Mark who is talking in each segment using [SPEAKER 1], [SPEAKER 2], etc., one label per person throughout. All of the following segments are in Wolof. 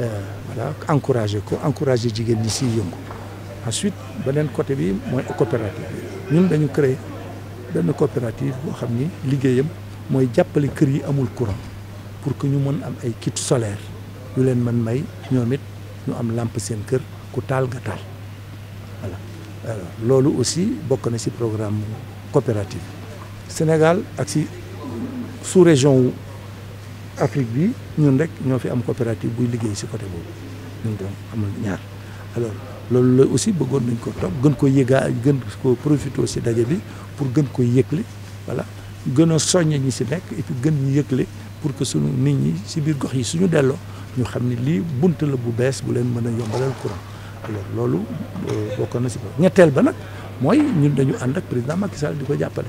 [SPEAKER 1] Euh, voilà encourager, ko encourager jigéen ñi siy yëngu ensuite benen côté bi moy coopérative bi ñun dañu créer benn coopérative bo xamni ni liggéeyam mooy jàppale kër yi amul courant pour que ñu mën am ay kit solaire yu leen mën may ñomit ñu am lampe seen kër ku tal nga taal voilà lolu aussi bokk na ci programme coopérative Sénégal ak ci sous-région Afrique bi ñun rek ñoo fi am coopérative buy liggéey si côté boobu ñun donc amul ñaar alors loolu la aussi bëggoon nañ ko topp gën ko yëgaa gën ko profité si daje bi pour gën ko yëgle voilà gën a soññe ñi si nekk gën ñu yëgle pour que suñu nit ñi si biir gox yi suñu delloo ñu xam ne lii bunt la bu bees bu leen mën a yombalal courant alors loolu euh, bokkoon na si ko ñetteel ba nag mooy ñun dañu ànd ak président Macky Sall di ko jàppale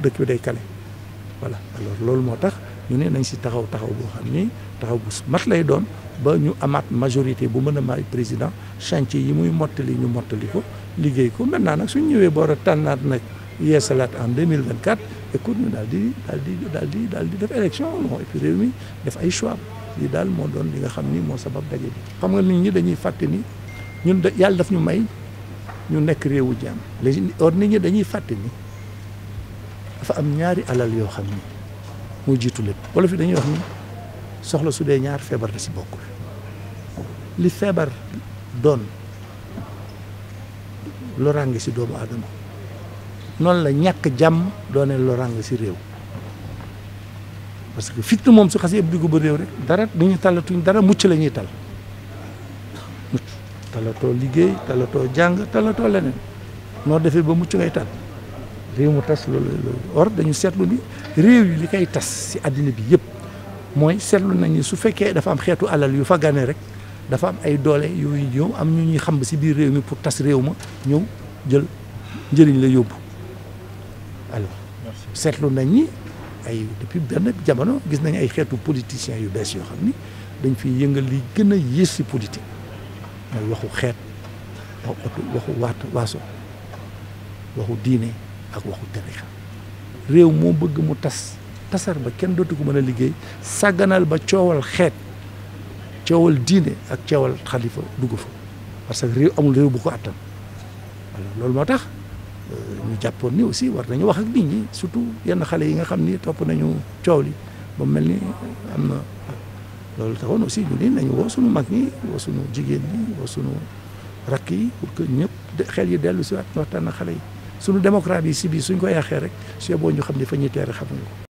[SPEAKER 1] dëkk bi day kale voilà alors loolu moo tax ñu ne nañ si taxaw taxaw boo xam ni taxaw bu mat lay doon ba ñu amaat majorité bu mën a may président chantier yi muy mottali ñu mottali ko liggéey ko maintenant nag suñ ñëwee boor a tànnaat nag yeesalaat en 2024 écoute ñu daal di daal di daal di daal di def élection non et réew mi def ay choix li daal moo doon li nga xam ni moo sabab daje bi xam nga nit ñi dañuy fàtte ni ñun yàlla daf ñu may ñu nekk réewu jàmm léegi or nit dañuy fàtte dafa am ñaari alal yoo xam ni moo jiitu lépp wala fi dañuy wax ni soxla su dee ñaar feebar da si bokkul li feebar doon loraange si doomu aadama noonu la ñàkk jàmm doone loraange si réew parce que fitna moom su xasee yëpp dugg ba réew rek dara ni ñu talatuñ dara mucc la ñuy tal mucc talatoo liggéey talatoo jàng talatoo leneen noo defee ba mucc ngay tal réew mu tas loolu or dañu seetlu ni réew yi li koy tas si àddina bi yëpp mooy seetlu nañ ni su fekkee dafa am xeetu alal yu fa gane rek dafa am ay doole yu ñëw am ñu ñuy xam ba si biir réew mi pour tas réew ma ñëw jël njëriñ la yóbbu alors seetlu nañ ni ay depuis benn jamono gis nañ ay xeetu politiciens yu bees yoo xam ni dañ fi yëngal li gën a yées si politique mooy waxu xeet waxu waxu waat waaso waxu diine ak waxu tarixa réew moo bëgg mu tas tasar ba kenn dootu ko mën a liggéey sàgganaal ba coowal xeet coowal diine ak coowal xalifa dugg fa parce que réew amul réew bu ko attan loolu moo tax euh, ñu jàppoon ni aussi war nañu wax ak nit ñi surtout yenn xale yi nga xam ni topp nañu coow li ba mel ni am na loolu taxoon aussi ñu ni nañu woo suñu mag ñi woo suñu jigéen ñi woo suñu rakk yi pour que ñëpp xel yi dellu si waat waxtaan ak xale yi suñu démocratie bi si biir suñ ko yàqee rek su yeboo ñu xam ne fa ñuy xam xamuñu ko